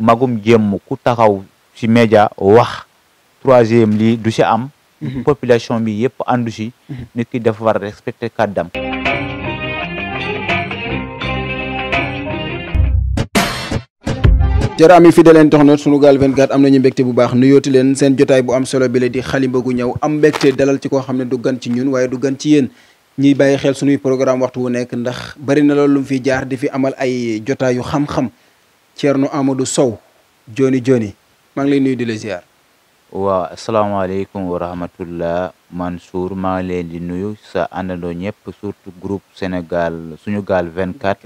magum jëmm ku taxaw ci média wax troisième lii du si am mhm. population bi yëpp àndu ci mhm. nit def dafa war respecter kàddam jaraam yi fidèle internet Sunugal 24 am nañu mbégte bu baax nuyooti leen seen jotaay bu am solo bi la di xalimba gu ñëw am mbégte dalal ci koo xam ne du gan ci ñun waaye du gan ci yéen ñiy bàyyi xel sunuy programme waxtu wu nekk ndax bari na loolu lu fi jaar di fi amal ay jotaay yu xam-xam Thierno Amadou Sow joni joni maa ngi lay nuyu di la ziar. waaw asalaamaaleykum wa rahmatullah Mansour maa leen di nuyu sa àndandoo ñëpp surtout groupe Sénégal suñu gaal 24.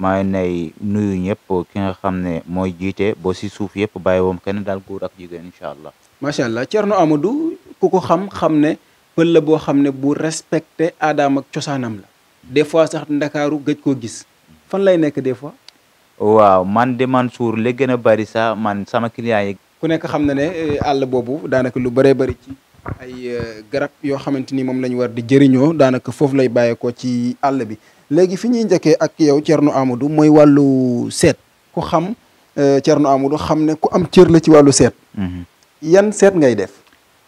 maa ngi lay nuyu ñëpp ki nga xam ne mooy jiite bo si suuf yëpp bàyyi woom kenn daal guur ak jigéen incha allah. macha allah Thierno Amadou ku ko xam xam ne pël la boo xam ne bu respecté aadaam ak cosaanam la. des fois sax ndakaaru gëj koo gis fan lay nekk des fois. waaw man de Mansour la gën a bari sax man sama client yi. ku nekk xam na ne eh, àll boobu daanaka lu bëree bari ci ay eh, garab yoo xamante ni moom la ñu war di jëriñoo daanaka foofu lay bàyyeekoo ci àll bi léegi fi ñuy njëkkee ak yow Thierno du mooy wàllu seet ku xam eh, Thierno Amadou xam ne ku am cër la ci wàllu seet. Mhm. yan seet ngay def.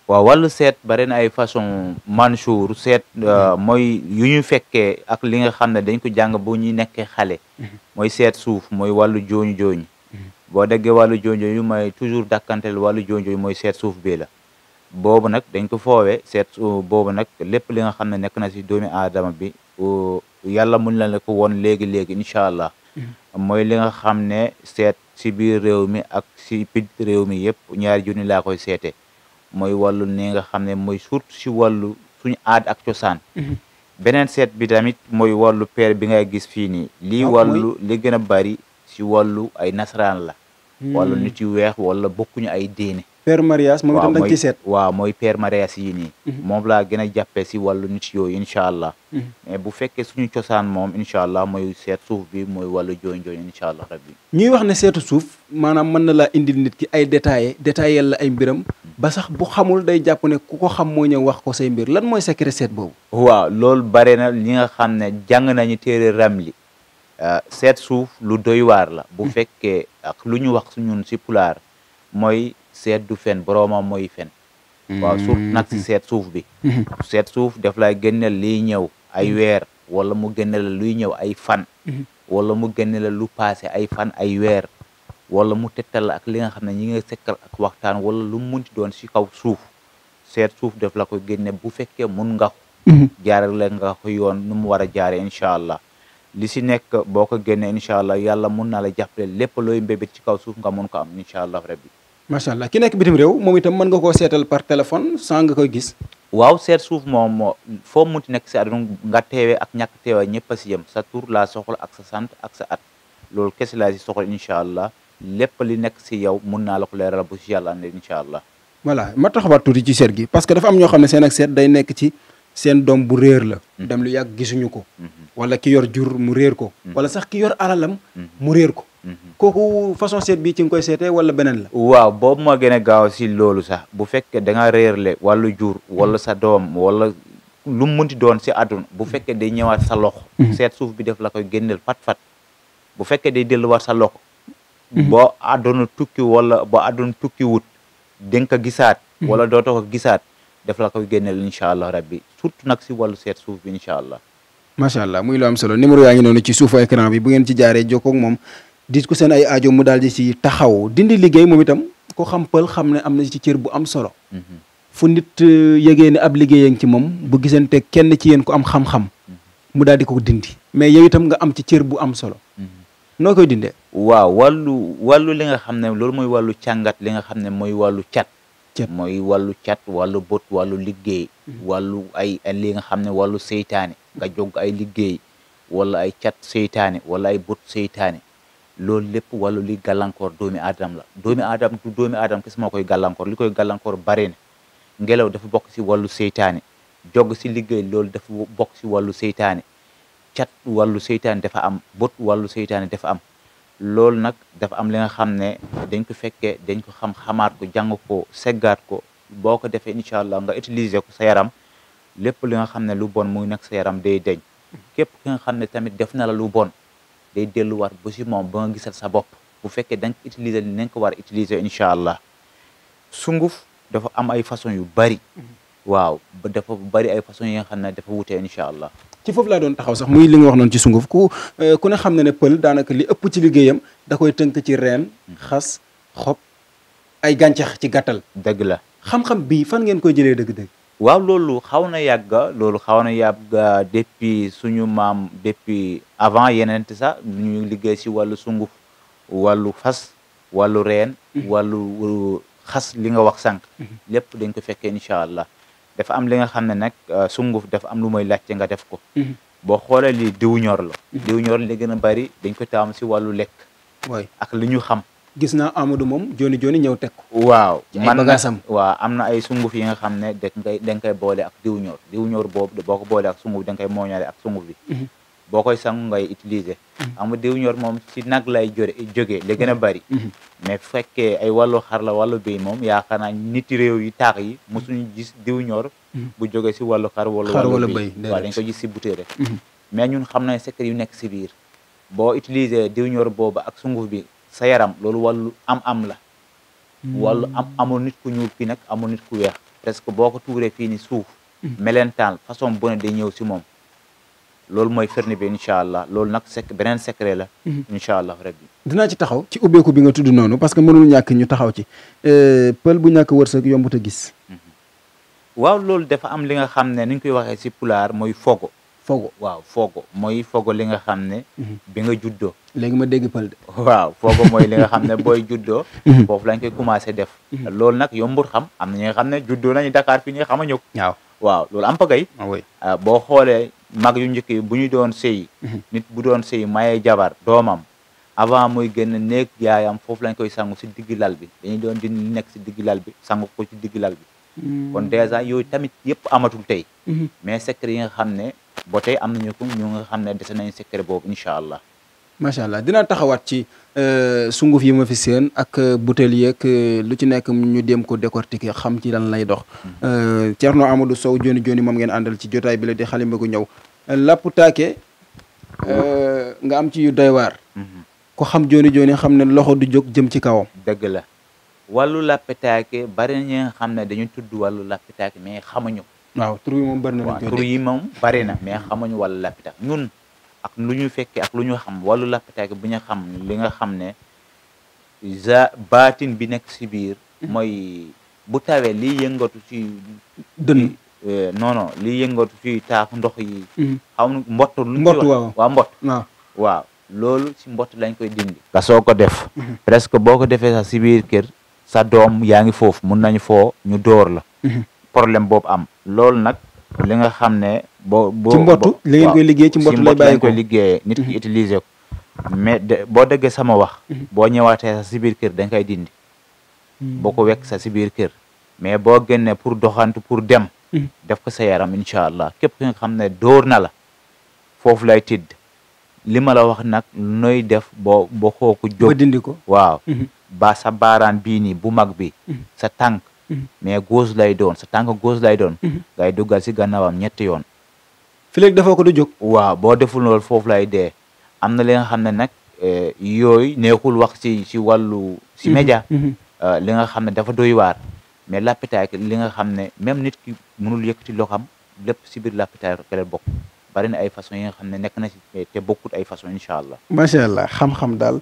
waaw wàllu seet bare na ay façon Mansour seet euh, hmm. mooy yu ñu fekkee ak li nga xam ne dañ ko jàng bu ñuy nekkee xale hmm. mooy seet suuf mooy wàllu jooñ jooñ hmm. boo déggee wàllu jooñ jooñ yu toujours dàkkanteel wàllu jooñ mooy seet suuf bi la boobu nag dañ ko foowee seet boobu nag lépp li nga xam ne nekk na si doomi aadama bi yàlla mun la ne ko woon léegi léegi incha allah mooy li nga xam ne seet si biir réew mi ak si pij réew mi yëpp ñaari junni laa koy seete mooy wàllu ni nga xam ne mooy surtout si wàllu suñu aad ak cosaan mhm. beneen seet bi tamit mooy wàllu peer bi ngay gis fii nii ah, lii wàllu li gën a bari si wàllu ay nasaraan la hmm. wàllu nit yu weex wala bokkuñu ay diine père mariage moom itam seet waaw mooy père marias yi nii mhm. moom laa gën a jàppee si wàllu nit yooyu incha allah mhm. mais bu fekkee suñu cosaan moom incha allah mooy seet suuf bi mooy wàllu jooñ jooñ incha allah rabbi ñuy wax ne seetu suuf maanaam mën na laa indi nit ki ay détaillé détaillé la ay mbiram ba sax bu xamul day jàpp ne ku ko xam moo ñëw wax ko say mbir lan mooy secret seet boobu. waaw loolu bare na li nga xam ne jàng nañu téere Ramli euh, seet suuf lu doy waar la. bu hmm. fekkee ak lu ñu wax ñun si pulaar mooy seet du fen boroomam mooy fen. waaw surtout hmm. nag si seet suuf bi. Hmm. seet suuf def lay génneel liy ñëw ay weer wala mu génne luy ñëw ay fan. wala mu génne lu paase ay fan ay weer. wala mu tettal la ak li xam ne ñi nga sekkal ak waxtaan wala lu mu munti doon si kaw suuf seet suuf def la ko génne bu fekkee mun nga mhm. jaarale la nga ko yoon nu mu war a jaare incha allah li si nekk boo ko génne incha allah yàlla mun naa la jàppale lépp looy mbébét ci kaw suuf nga mun ko am incha allah rabbi macha allah ki nekk bitim réew moom itam mën nga koo seetal par téléphone sans nga koy gis waaw seet suuf moom foo munti nekk si àdduna nga teewee ak ñàkk teewee ñëpp si yem sa tur laa soxla ak sa sant ak sa at loolu kese laa si soxla allah lépp li nekk si yow mun naa la ko leeral bu si yàlla andee incha allah. voilà ma taxawaat tuuti ci seet gi parce que dafa am ñoo xam ne seen ak seet day nekk ci seen doom bu réer la. Mm-hmm. dem lu yàgg gisuñu ko. Mm-hmm. wala ki yor jur mu réer ko. Mm-hmm. wala sax ki yor alalam. mu réer ko. kooku façon seet bi ci nga koy seetee wala beneen la. waaw boobu moo gën a gaaw si loolu sax bu fekkee da nga réerle wàllu jur wala sa doom walla lu mu munti doon si àdduna bu fekkee day ñëwaat sa loxo. suuf bi def la koy génneel fat fat bu fekkee day delluwaat sa loxo Mhm. boo àdduna tukki wala ba àdduna tukki wut di nga gisaat mhm. wala dootoo ko gisaat def la koy génneel incha allah rabbi surtout nag si wàllu seet suuf bi incha allah macha allah muy lu am solo numéro yaa ngi noonu ci suufu écran bi bu ngeen ci jaaree jokkoog moom dis ko seen ay ajo mu daal di si taxaw dindi liggéey moom itam ko xam pël xam ne am na ci cër bu am solo mhm. fu nit euh, yëgee ne ab liggéeyang ci moom bu gisante kenn ci yéen ko am xam-xam mu daal di ko dindi mais yow itam nga am ci cër bu am solo noo koy dindee waaw wàllu wàllu li nga xam ne loolu mooy wàllu càngat li nga xam ne mooy wàllu cat mooy wàllu cat wàllu bot wàllu liggéey mm-hmm. wàllu ay li nga xam ne wàllu seytaane nga jog ay liggéey wala ay chat seytaane wala ay bot seytaane loolu lépp wàllu li gàllankoor doomi aadama la doomi aadama du doomi aadama kese moo koy gàllankoor li koy gàllankoor bare na ngelaw dafa bokk si wàllu seytaane jog si liggéey loolu dafa bokk si wàllu seytaane cat wàllu seytaane dafa am bot wàllu seytaane dafa am loolu nag dafa am li xam ne dañ ko fekkee dañ ko xam xamaat ko jàng ko segaat ko boo ko defee incha allah nga utiliser ko sa yaram lépp li nga xam ne lu bon muy nekk sa yaram day deñ képp ki nga xam ne tamit def na la lu bon day delluwaat ba si moom ba nga gisal sa bopp bu fekkee dañ ko utiliser nañ ko war a utiliser incha allah sunguf dafa am ay façon yu bari mm-hmm. waaw dafa bari ay façon yi nga xam ne dafa wutee incha allah ci foofu laa doon taxaw sax muy li nga wax noonu ci sunguf ku euh, ku ne xam na ne pël daanaka li ëpp ci liggéeyam da koy tënk ci reen xas xob ay gàncax ci gàttal dëgg la xam-xam bi fan ngeen koy jëlee dëgg-dëgg waaw loolu xaw na yàgga loolu xaw na yàgga depuis suñu maam depuis avant yeneen sax ñu liggéey si wàllu sunguf wàllu fas wàllu reen mm-hmm. wàllu euh, xas li nga wax sànq mm-hmm. lépp dañ ko fekke incha allah dafa am li nga xam ne nag euh, sunguf dafa am lu mooy laajte nga def ko mm-hmm. boo xoolee li diw ñor la mm-hmm. diw ñor li gën a bari dañ ko taam si wàllu lekk waay ak li ñu xam gis naa Amadou moom jooni jooni ñëw teg ko waaw man bagaasam waaw am na ay sunguf yi nga xam ne da ngay da koy boole ak diw ñor diw ñor boobu boo ko boole ak sunguf da nga koy mooñaale ak sunguf bi mm-hmm. boo koy sangu ngay utiliser mm-hmm. am nga diw ñor moom si nag lay jore jógee li gën a mm-hmm. bari mm-hmm. mais fekkee ay wàllu xar la wàllu béy moom yaakaar naa nit réew yi taax yi mosuñu gis diw ñor bu jógee si wàllu xar wala wàllu béy waaw dañ ko gis si butéel rek mais ñun xam nañ secret yu nekk si biir boo utiliser diw ñor boobu ak sunguf bi sa yaram loolu wàllu am am la wàllu am amul nit ku ñuul fii nag amul nit ku weex presque boo ko tuuree fii ni suuf melentaan façon bu de ñëw si moom loolu mooy firnde bi incha allah loolu nag sec beneen secret la. Mhm. incha allah rabbi dinaa ci taxaw ci ubbeeku bi nga tudd noonu parce que mënul ñàkk ñu taxaw ci euh, pël bu ñàkk wërsëg yombut a gis. Mhm. waaw loolu dafa am li nga xam ne ni ñu koy waxee si pulaar mooy fogo. fogo waaw fogo mooy fogo li nga xam ne. Mhm. bi nga juddoo. léegi ma dégg pël waaw fogo mooy li nga xam ne booy juddoo. foofu lañ koy commencé def. loolu nag yombut xam am na ñi nga xam ne juddoo nañu Dakar fii nii xamañu ko. waaw waaw loolu am pagay. Ah ah, boo xoolee. mag yu njëkk yi bu ñu doon sëy mhm. nit bu doon sëy maye jabar doomam avant muy génn néeg yaayam foofu lañ koy sangu si digg lal bi dañuy doon di nekk si digg lal bi sangu ko ci digg lal bi mm. kon dèjà yooyu tamit yëpp amatul tey mhm. mais secret yi nga xam ne ba tey am ñu ko ñu nga xam ne dese nañu secret boobu incha allah macha allah dina taxawaat ci Euh, sunguf yi ma fi seen ak euh, butéel yeeg euh, lu ci nekk ñu dem ko décortiquer xam ci lan lay dox. Mm-hmm. Thierno Amadou Sow joni joni moom ngeen àndal ci jotaay bi la di xalima gu ñëw. lapp taake nga am ci yu doy mm-hmm. ko xam joni joni xam ne loxo du jóg jëm ci kawam. dëgg la wàllu lappitaake bari na ñi xam ne dañu tudd wàllu lappitaake mais xamuñu. waaw tur yi moom bari na tur yi moom bari na mais xamuñu wàllu lappitaake ak lu ñu fekkee ak lu ñu xam wàllu lappataake bu ñu xam li nga xam ne ja baatin bi nekk si biir mm-hmm. mooy bu tawee liy yëngatu ci dënn euh, non non liy yëngatu ci taaku ndox yi mm-hmm. xam mbott lu ñu waaw loolu si mbott lañ koy dindi nga soo ko def mm-hmm. presque boo ko defee sax si biir kër sa doom yaa ngi foofu mun nañ foo ñu door la problème boobu am loolu nag li nga xam ne. boo boo ci mbottu li ngeen liggéey ci mbottu lay bàyyi ko koy liggéeyee nit ki mhm. utiliser ko. mais boo déggee sama wax. Mhm. boo ñëwaatee sa si biir kër da koy dindi. Mhm. boo ko wekk sa si biir kër. mais boo génnee pour doxantu pour dem. def ko sa yaram incha allah képp ki xam ne dóor na la foofu lay tidd li ma la wax nag nooy def boo boo xoo ko ba dindi ko waaw. ba sa baaraan bii nii bu mag bi. sa tànk. Mm-hmm. mais gauche lay doon sa tànk gauche lay doon mm-hmm. ngay doggal si gannaawam ñetti yoon fi léegi ko du jog waaw boo deful loolu foofu lay dee am na li nga xam ne nag eh, yooyu neexul wax si si wàllu si mm-hmm. média euh, li nga xam ne dafa doy waar mais lapitaay li nga xam ne même nit ki mënul yëkkati loo xam lépp si biir lapitaay kele bokk bari na ay façon yi nga xam ne nekk na si te bokkut ay façon incha allah macha allah xam-xam daal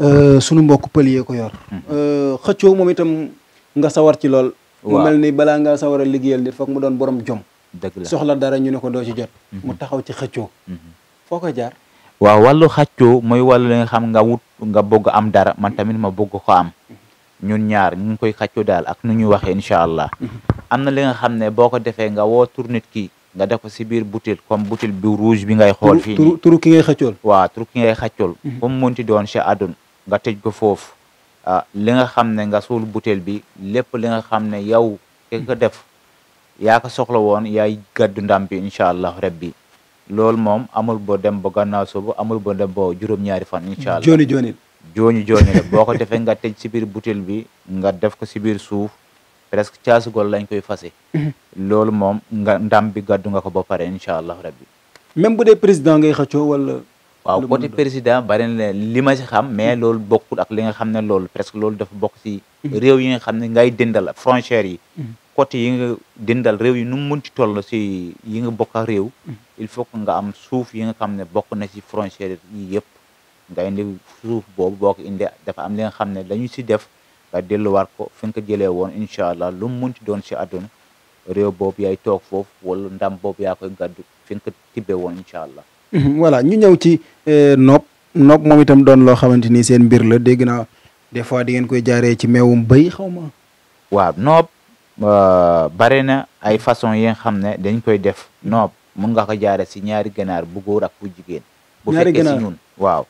euh, sunu mbokk pël yee ko yor euh, moom itam nga sawar ci lool mu mel balaa ngaa sawar a liggéeyal nit foog mu doon borom jom dëgg la soxla dara ñu ne ko doo ci jot mhm. mu taxaw ci xëccoo mhm. foo ko jaar waaw wàllu xëccoo mooy wàllu li nga xam nga wut nga bëgg am dara man tamit ma bëgg ko am mhm. ñun ñaar ñu koy xëccoo daal ak nu ñuy waxee incha allah am na li xam ne boo ko defee nga woo tur nit ki nga def ko si biir butil comme butil bu rouge bi ngay xool fii turu ki ngay xëccool waaw turu ki ngay xëccool comme munti doon si àddun nga tëj ko foofu Ah, li nga xam ne nga suul butéel bi lépp li nga xam ne yow ki ko def yaa ko soxla woon yaay gàddu ndam bi incha allah rabbi loolu moom amul bo dem ba gannaaw bo amul bo dem ba juróom-ñaari fan incha allah jooni jooni jooni jooni la boo ko defee nga tëj si biir butéel bi nga def ko si biir suuf presque caasugol lañ koy fase mhm. loolu moom nga ndam bi gàddu nga ko ba pare incha allah rabbi même bu président ngay xëccoo wala waaw côté président bari na li ma si xam mais hmm. loolu bokkul ak li nga xam ne loolu presque loolu dafa bokk si hmm. réew yi nga xam ne ngay dindal frontières yi hmm. côté yi nga dindal réew yi nu mu munti toll si yi nga bokk réew il faut que nga am suuf yi nga xam ne bokk na si frontières yi yëpp nga indi suuf boobu boo ko indi dafa am li nga xam ne dañu si def nga delluwaat ko fi nga ko jëlee woon incha allah lu mu munti doon si àdduna réew boobu yaay toog foofu wala ndam boobu yaa koy gàddu fi nga ko tibbee woon incha allah Mhm, voilà ñu ñëw ci eh, nopp nopp moom itam doon loo xamante ni seen mbir la dégg naa des fois di ngeen koy jaaree ci meewum béy xaw ma. waaw nopp euh, bare na ay façon yi nga xam ne dañ koy def nopp mun nga ko jaare si ñaari ganaar bu góor ak bu jigéen. bu fekkee si ñun waaw.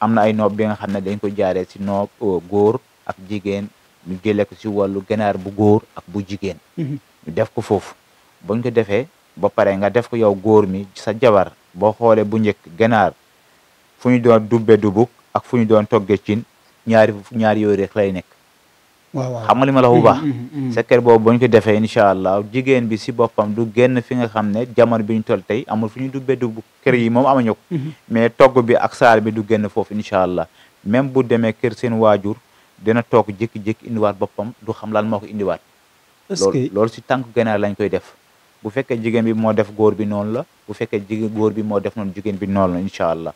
am na ay noob bi nga xam ne dañ ko jaaree si noob euh, góor ak jigéen ñu jëlee ko si wàllu ganaar bu góor ak bu jigéen. Mhm. ñu def ko foofu buñ ko defee ba pare nga def ko yow góor mi sa jabar boo xoolee bu njëkk ganaar fu ñu doon dubbe dubuk ak fu ñu doon togge cin ñaari ñaari yooyu rek lay nekk waaw xam nga li ma la bu baax mm-hmm, mm-hmm. secret boobu bu ñu ko defee incha allah jigéen bi si boppam du génn fi nga xam ne jamono bi ñu toll tey amul fu ñu dubbee dubbu kër yi moom amañu ko mm-hmm. mais togg bi ak saar bi du génn foofu incha allah même bu demee kër seen waajur dina toog jékki-jékki indiwaat boppam du xam laal moo ko indiwaat loolu loolu si tànk ganaar lañ koy def bu fekkee jigéen bi moo def góor bi noonu la bu fekkee jigéen góor bi moo def noonu jigéen bi noonu la incha allah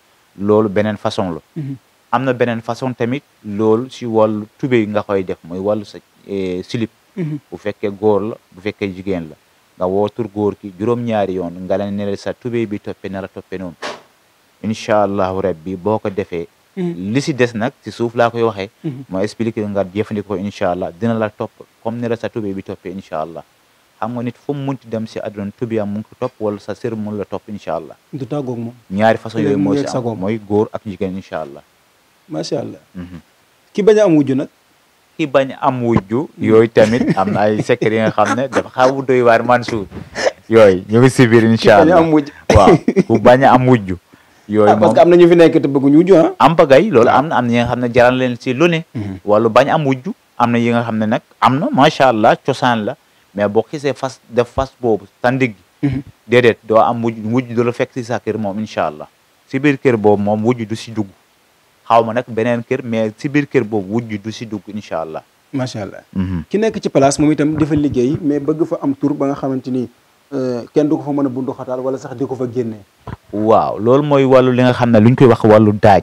loolu beneen façon la mhm. am na beneen façon tamit loolu si wàllu tubéy nga koy def mooy wàllu sa eh, silip mhm. bu fekkee góor la bu fekkee jigéen la nga wootur góor ki juróom-ñaari yoon nga la ne sa tubéy bi toppe nara la toppe noonu incha allahu rabbi boo ko defee mhm. li si des nag si suuf laa koy waxee ma expliqué nga jëfandikoo incha allah dina la topp comme ne la sa tubéy bi toppe incha allah xam nga nit fu mu munti dem si àdduna tubiyaam mu ngi ko topp wala sa sër mun la topp incha allah. du tàggoog moom. ñaari façon yooyu moo si am mooy góor ak jigéen incha allah. macha allah. Mhm. ki bañ a am wujju nag. ki bañ am wujju yooyu tamit am na ay secret yi nga xam ne dafa xaw doy waar Mansour yooyu ñu ngi si biir incha allah waaw ku bañ a am wujju yooyu moom ah, parce que am na ñu fi nekk te bëgguñu wujju ah. am bagay loolu am na am na ñi nga xam ne jaral leen si lu ne. Mhm. wala bañ am wujju am na yi nga xam ne nag am na macha allah cosaan la. mais boo xisee fas def fas boobu tandig mhm. déedéet doo am wujj wujj du la fekk si sa kër moom incha allah si biir kër boobu moom wujj du si dugg xaw ma nag beneen kër mais si biir kër boobu wujj du si dugg incha allah macha allah mhm. ki nekk ci palace moom itam defa liggéey mais bëgg fa am tur ba nga xamante ni euh, kenn du ko fa mën a bundu xataal wala sax di ko fa génnee waaw loolu mooy wàllu li nga xam ne lu koy wax wàllu daaj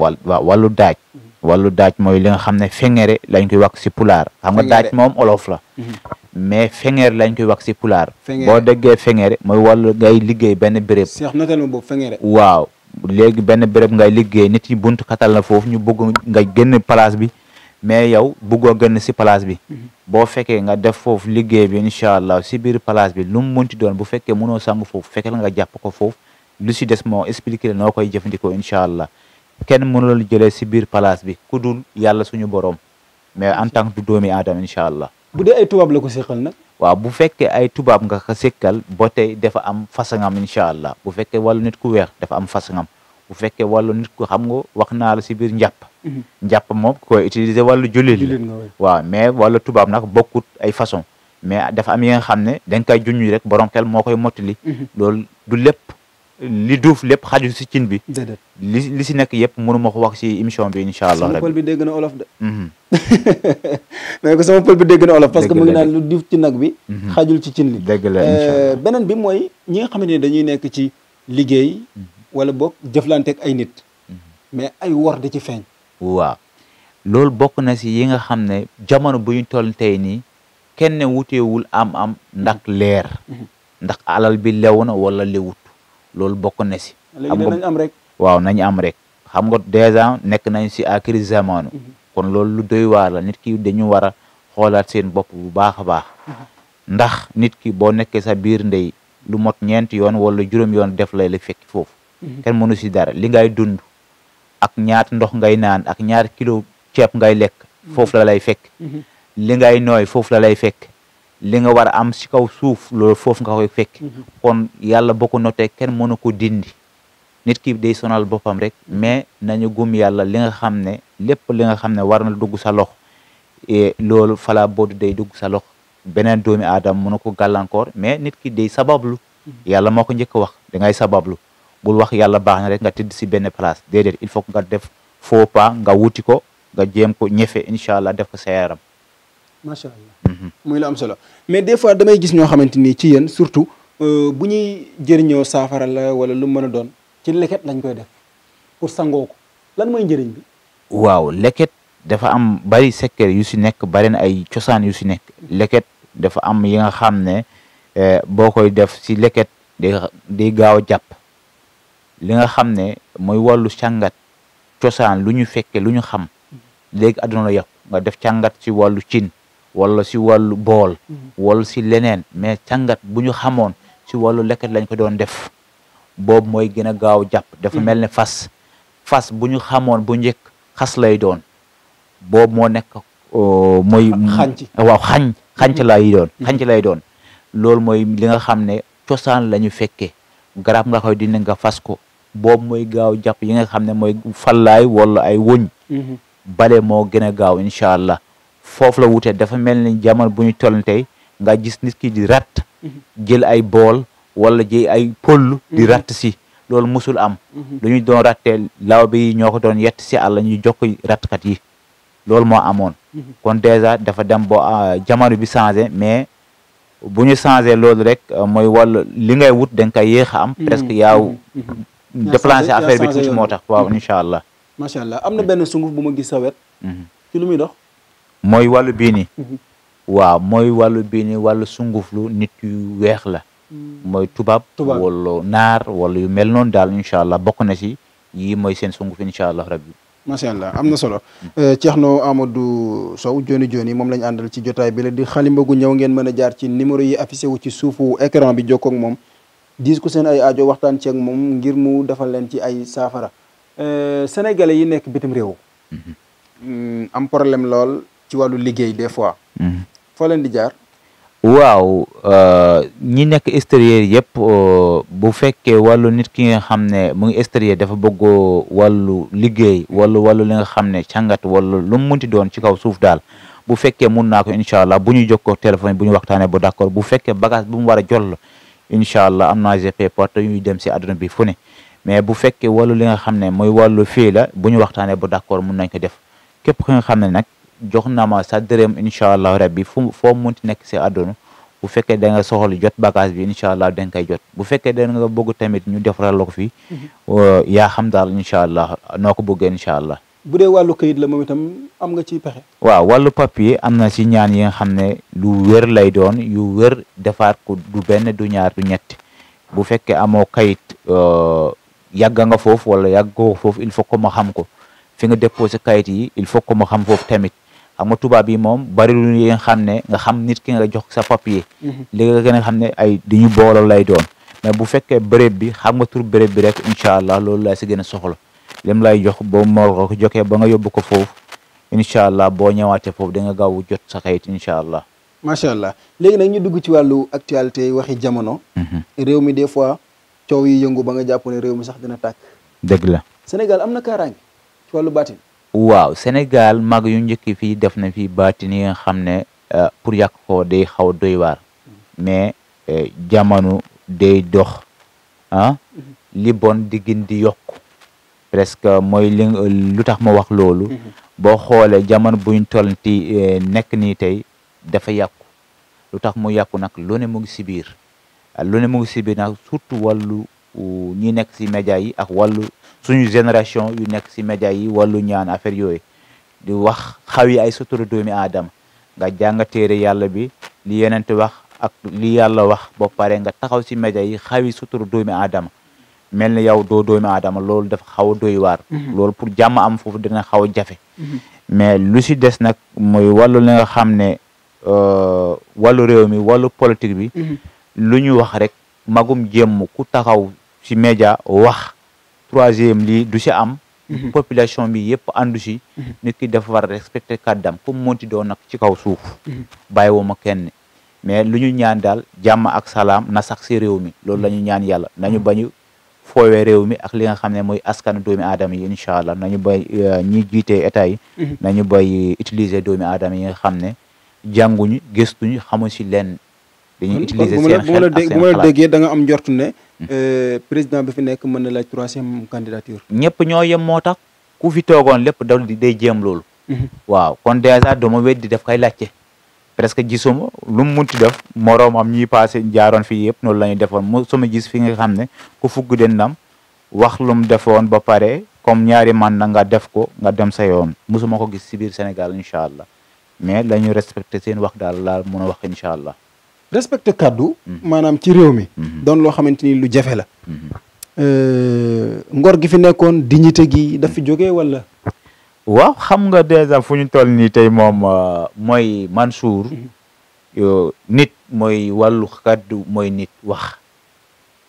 wal waaw wàllu daaj mhm. wàllu daaj mooy li nga xam ne fengere lañ koy wax si pulaar xam nga daaj moom olof la mais feŋeer lañ koy wax si pulaar. boo déggee feŋeer mooy wàllu ngay liggéey benn béréb. seex natal ma boobu feŋeer waaw léegi benn béréb ngay liggéey nit yi bunt xatal na foofu ñu bëgg nga génn palace bi mais yow bëggoo génn si palace bi. Mhm. boo fekkee nga def foofu liggéey bi incha allah si biir place bi lu mu munti doon bu fekkee mënoo sangu foofu fekkeel nga jàpp ko foofu lu si des moo expliqué la noo koy jëfandikoo incha allah kenn mënul jëlee si biir place bi ku dul yàlla suñu borom mais en tant doomi aadama incha allah. bu dee ay tubaab la ko seqal nag. waaw bu fekkee ay tubaab nga ko seqal ba tey dafa am fasaŋam incha allah bu fekkee wàllu nit ku weex dafa am fasaŋam bu fekkee wàllu nit ku xam nga wax naa la si biir njàpp. Mhm. njàpp moom koy utiliser wàllu jullit la waaw mais wàllu tubaab nag bokkut ay façon mais dafa am yi nga xam ne dañ koy junj rek borom xel moo koy mottali. Mhm. loolu du lépp. li duuf lépp xaju si cin bi. déedéet li si nekk yëpp mënu ma ko wax si émission bi incha allah. sama pël bi dégg na olof de. Mhm. mais ko sama pël bi dégg na olof. parce que mu ngi naan lu duuf ci nag bi. Mhm. xajul ci cin li. dégg la euh, beneen bi mooy ñi nga xamante ne dañuy nekk ci liggéey. Mhm. wala boog jëflanteeg ay nit. mais ay war di ci feeñ. waa loolu bokk na si yi nga xam ne jamono bu ñu toll tey nii kenn wuteewul am-am ndax leer. ndax alal bi lew na wala lewut. loolu bokk na si. xam am rek. waaw nañ am rek xam nga dèjà nekk nañ si akiri zamanu. Mhm. kon loolu lu doy waar nit ki dañu war a xoolaat seen bopp bu baax a baax. ndax nit ki boo nekkee sa biir ndey lu mot ñeent yoon wala juróom yoon def lay la fekki foofu. Mhm. kenn mënu si dara li ngay dund ak ñaat ndox ngay naan ak ñaata kilo ceeb ngay lekk. Mhm. foofu la lay fekk. li ngay nooy foofu la lay fekk. li nga war a am si kaw suuf lool foofu nga koy fekk mhm. kon yàlla boo ko notee kenn mënu ko dindi nit ki day sonal boppam rek mhm. mais nañu gum yàlla li nga xam ne lépp li nga xam ne war na dugg sa lox loolu fala boodu day dugg sa lox beneen doomi aadama mënu ko gàllankoor mais nit ki day sabablu mhm. yàlla moo ko njëkk wax da ngay sabablu bul wax yàlla baax na rek nga tëdd si benn place déedéet il faut nga def faux nga wuti ko nga jéem ko ñëfe incha allah def ko sa yaram macha allah. Mm-hmm. muy lu am solo mais des fois damay gis ñoo xamante ni ci yéen surtout euh, bu ñuy jëriñoo saafara la wala lu mën a doon ci leket lañ koy def pour sangoo lan mooy njëriñ bi. waaw leket dafa am bari secret yu si nekk bari na ay cosaan yu si nekk leket dafa am yi nga xam ne euh, boo koy def ci leket day gaaw a jàpp li nga xam ne mooy wàllu càngat cosaan lu ñu fekke lu ñu xam mm-hmm. léegi àdduna la yàqu nga def càngat si wàllu cin. wala si wàllu bool mhm. wala si leneen mais càngat bu ñu xamoon si wàllu lekkat lañ ko doon def boobu mooy gën a gaaw jàpp dafa mhm. mel ne fas fas bu ñu xamoon bu njëkk xas lay doon boobu moo nekk mooy waaw xañ xanc mhm. lay doon xanc lay doon loolu mooy li nga xam ne cosaan la ñu fekkee garab nga koy dindi nga fas ko boobu mooy gaaw jàpp yi nga xam ne mooy fallaay wala ay wëñ bale moo gën a gaaw incha allah foofu la wutee dafa mel ni jamono bu ñu toll tey nga gis nit ki di rat mhm. jël ay bool wala jël ay pëll di mhm. rat si loolu musul am mhm. lu ñu doon rattee law bi ñoo ko doon yett si àll ñu jox ko ratkat yi loolu moo amoon kon dèjà dafa dem bo ah, jamono bi changé mais bu ñu changé loolu rek euh, mooy wàll li ngay wut da kay koy yéex a am presque mm-hmm. yaaw déplacer affaire bi tuuti moo tax waaw incha allah macha allah am na benn sunguf bu ma gis sa mooy wàllu bii nii mhm. waaw mooy wàllu bii nii wàllu sunguflu nit yu weex la mm. mooy tubaab wala naar wala yu mel noonu daal incha allah bokk ci si yii mooy seen sunguf incha allah rabbi macha allah am na solo mm. eh, Cheikhno Amadou Sow joni joni moom la ñu àndal ci jotaay bi la di xalimba gu ñëw ngeen mën a jaar ci numéro yi affiché wu ci suufu écran bi jokkoo ak moom diis ko seen ay ajo waxtaan ceeg moom ngir mu defal leen ci ay saafara eh, sénégalais yi nekk bitim réew mm-hmm. mm, am problème lool ci wàllu liggéey des fois. Mm-hmm. foo di jaar. waaw euh, ñi nekk extérieur yëpp euh, bu fekkee wàllu nit ki nga xam ne mu ngi extérieur dafa bëgg wàllu liggéey wala wàllu li nga xam ne càngat wala lu mu munti doon ci kaw suuf daal bu fekkee mun naa ko incha allah bu ñu jokkoo téléphone bu ñu waxtaanee ba d' accord bu fekkee bagage bu mu war a jol incha allah am naa GP porte yuy dem si àdduna bi fu ne mais bu fekkee wàllu li nga xam ne mooy wàllu fii la bu ñu waxtaanee ba d' accord mun nañ ko def képp ki nga xam ne nag. jox na ma sa dërëm incha allah rabbi fu foo munti nekk si àdduna bu fekkee da nga soxla jot bagage bi incha allah da jot bu fekke da nga bëgg tamit ñu defaral la ko fii mhm. yaa xam daal incha allah noo ko bëggee incha allah bu dee wàllu kayit la moom itam am nga ci pexe waaw wàllu papier am na si ñaan yi nga xam ne lu wér lay doon yu wér defar ko du benn du ñaar du ñett bu fekkee amoo kayit yàgga nga foofu wala yàgg ko foofu il faut que ma xam ko fi nga déposé kayit yi il faut que ma xam foofu tamit xam nga tubaab yi moom bari lu yi nga xam ne xam nit ki nga jox sa papier. Mhm. léegi nga xam ne ay du ñu booloo lay doon mais bu fekkee béréb bi xam nga tur béréb bi rek incha allah loolu laa si gën a soxla lim lay jox boo moo ko jokkee ba nga yóbbu ko foofu incha allah boo ñëwaatee foofu da nga gaaw jot sa xayit incha allah. macha allah léegi nag ñu dugg ci wàllu actualité waxi jamono. Mhm. réew mi des fois coow yi yëngu ba nga jàpp ne réew mi sax dina takk dëgg la Sénégal am na kaaraange ci wàllu baatin waaw Sénégal mag yu njëkk fii def na fii baati ni nga xam ne euh, pour yàq ko day xaw doy waar mais euh, jamono day dox ah mm-hmm. li bon di gën di yokk presque mooy li lu tax ma wax loolu mm-hmm. boo xoolee jamono buñ toll ti euh, nekk nii tey dafa yàqu lu tax mu yàqu nag lu ne mu ngi si biir lu ne si nag surtout wallu ñi nekk si média yi ak wàllu suñu génération yu nekk si média yi wàllu ñaan affaire yooyu di wax xaw yi ay sutura doomi aadama nga jàng téere yàlla bi li yeneen wax ak li yàlla wax bo pare nga taxaw si média yi xaw yi sutura doomi aadama mel ni yow doo doomi aadama loolu dafa xaw a doy waar mhm. lool pour jàmm am foofu dina xaw a jafe mhm. mais lu si des nag mooy wàllu li xam ne euh, wàllu réew mi wàllu politique bi mhm. lu wax rek magum jëmm ku taxaw si média wax troisième lii du si am mhm. population bi yëpp àndu si mhm. nit ki dafa war respecté kàddam comme monti doon nag ci kaw suuf mhm. bàyyi woo ma kenn mais lu ñu ñaan daal jàmm ak salaam na sax si réew mi loolu la ñu ñaan yàlla nañu bañu foowee réew mi ak li nga xam ne mooy askanu doomi aadama yi incha allah nañu bay euh, ñi jiitee état yi nañu bay utiliser doomi aadama yi nga xam ne jànguñu gëstuñu xamuñ si leen dañuy utiliser seen xel ak seen xalaat bu ma am njort Euh, président bi fi nekk mën na laaj troisième candidature. ñëpp ñoo yem moo tax ku fi toogoon lépp da day jéem loolu. Mhm. waaw kon dèjà dama weddi daf koy laajte. presque gisuma lu mu munti def moroomam ñi passé jaaroon fii yëpp noonu la ñu defoon mu suma gis fi nga xam ne ku fugg den ndam wax lu mu defoon ba pare comme ñaari man na def ko nga dem sa yoon musuma ko gis si biir Sénégal incha allah mais la ñu respecté seen wax daal laal mun a wax incha allah. respecté kàddu mhm. maanaam ci réew mi mhm. doon loo xamante ni lu jafe la mhm. euh, ngor gi fi nekkoon dignité gi daf fi jógee wala waaw xam nga dèjà fu ñu tol nii tey moom euh, mooy Mansour nit mooy wàllu kàddu mooy nit wax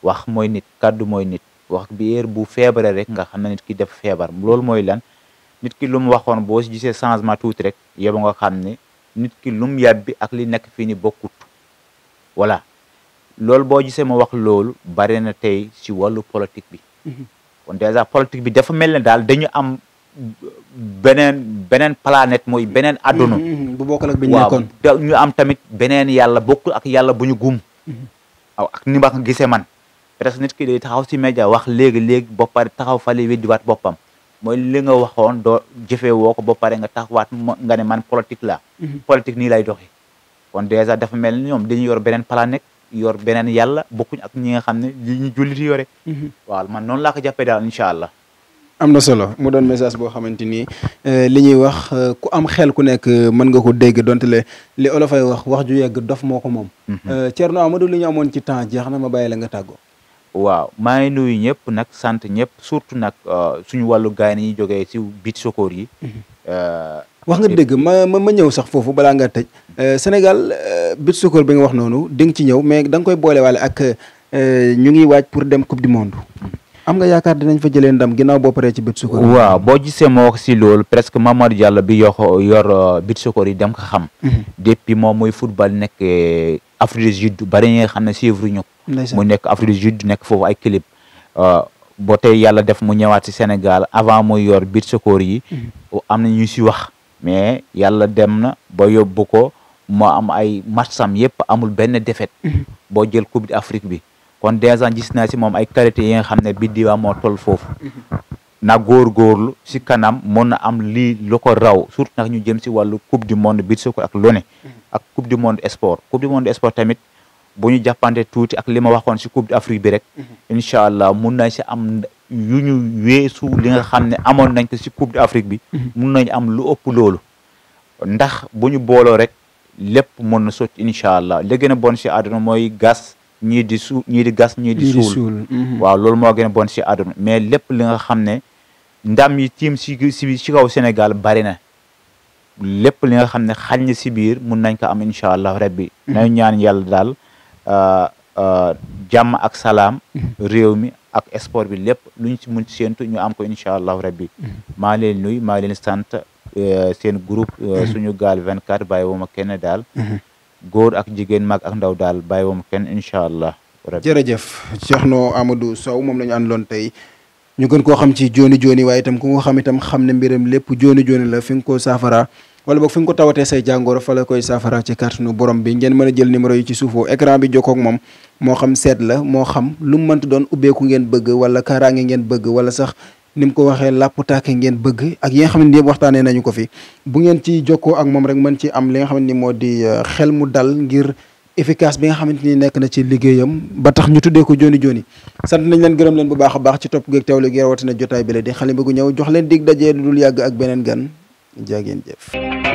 wax mooy nit kàddu mooy nit wax bi heure bu feebare rek nga xam na nit ki def feebar loolu mooy lan nit ki lu mu waxoon boo gisee changement tuuti rek yow xam ne nit ki lu mu ak li nekk fii ni bokkut voilà loolu boo gisee ma wax loolu bari na tey si wàllu politique bi mhm. kon déjà politique bi dafa mel ne daal dañu am beneen beneen planète mooy beneen adduna mhm, mhm, bu bokkul bi ñu nekkoon waaw ñu am tamit beneen yàlla bokkul ak yàlla bu ñu gum aw ak ni ma gisee man peut-être nit ki day taxaw si média wax léegi léegi ba pare taxaw fale weddiwaat boppam mooy li nga waxoon doo jëfee woo ko ba pare nga taxawaat nga ne man politique la politique nii lay doxee kon dèjà dafa mel ni ñoom dañuy yor beneen planète yor beneen yàlla bokkuñ ak ñi nga xam ne li ñu jullit yore mhm. waaw man noonu laa ko jàppee daal incha allah am na solo mu doon message boo xamante ni euh, li ñuy wax euh, ku am xel ku nekk euh, mën nga ko dégg donte le li olofay wax wax ju yegg dof moo ko moom mhm. Thierno Amadou li ñu amoon ci temps jeex na ma bàyyi la nga tàggoo waaw maa ngi nuyu ñëpp nag sant ñëpp surtout nag suñu wallu gaay yi ñuy si biit sokoor yi mhm. wax nga dëgg ma ma ñëw sax foofu balaa nga tëj euh, Sénégal euh, bit sukkur bi nga wax noonu di nga ci ñëw mais da koy boole waale ak euh, ñu ngi waaj pour dem coupe du monde. am nga yaakaar dinañ fa jëlee ndam ginnaaw boo paree ci bit sukkur. waaw boo gisee si loolu presque Mamadou Diallo bi yoo yor bit sukkur yi dem xam. Mhm. depuis moom muy football nekk Afrique du Sud bari nga xam ne suivre ñu. mu nekk Afrique du Sud nekk foofu ay clip. boo tey yàlla def mu ñëwaat si Sénégal avant muy yor bit sukkur yi. Mhm. am na ñu si wax. mais yàlla dem na ba yóbbu ko moo am ay matcham yëpp amul benn défaite mhm. boo jël coupe afrique bi kon déjà gis naa si moom ay qualité yi nga xam ne bi diwa moo toll foofu mhm. na góorgóorlu si kanam mën na am li lu ko raw surtout nag ñu jëm si wàllu coupe du monde bi soko ak lone mhm. ak coupe du monde sport coupe du monde sport tamit bo ñu jàppante tuuti ak li ma waxoon si coupe d'Afrique bi rek incha allah mun nañ si am yu ñu weesu li nga xam ne amoon nañ ko si coupe d'Afrique bi mhm. mun nañ am lu ëpp loolu ndax bu ñu booloo rek lépp mën na sotti incha allah li gën a bon si àdduna mooy gas ñii di suul ñii di gas ñii di mhm. waaw loolu moo gën a bon si àdduna mais lépp li nga xam ne ndam yi tiim si si kaw Sénégal bari na lépp li nga xam ne xañ na si biir mun nañ ko am incha allah rabbi mhm. nañu ñaan yàlla daal euh, euh, jàmm ak salaam réew mi ak sport bi lépp luñ ci mun séentu ñu am ko incha allahu rabbi maa leen nuy maa leen sant eh, seen group eh, mm-hmm. suñu gaal 24 bàyyi wuma kenn daal mm-hmm. góor ak jigéen mag ak ndaw daal bàyyi wuma kenn incha allah jërëjëf Cheikhno Amadou Sow moom la ñu loon tey ñu gën koo xam ci jooni jooni waaye itam ku nga xam itam xam ne mbiram lépp jooni jooni la fi nga koo saafara wala boog fi nga ko tawatee say jàngoro fa la koy saafara ci kàttanu borom bi ngeen mën a jël numéro yi ci suufoo écran bi jokkoo ak moom moo xam seet la moo xam lu mu mënti doon ubbeeku ngeen bëgg wala kaaraange ngeen bëgg wala sax ni mu ko waxee làpptaake ngeen bëgg ak yi nga xam ne yëpp waxtaanee nañu ko fi bu ngeen ci jokkoo ak moom rek mën ci am li nga xam ne moo di euh, xel mu dal ngir efficace bi nga xamante ni nekk na ci liggéeyam ba tax ñu tuddee ko joni joni sant nañ leen gërëm leen bu baax a baax ci topp geeg teewlu gi rawatina jotaay bi la di xale bi gu ñëw jox leen dig dajee lu dul yàgg ak beneen gan jaa ngeen jëf.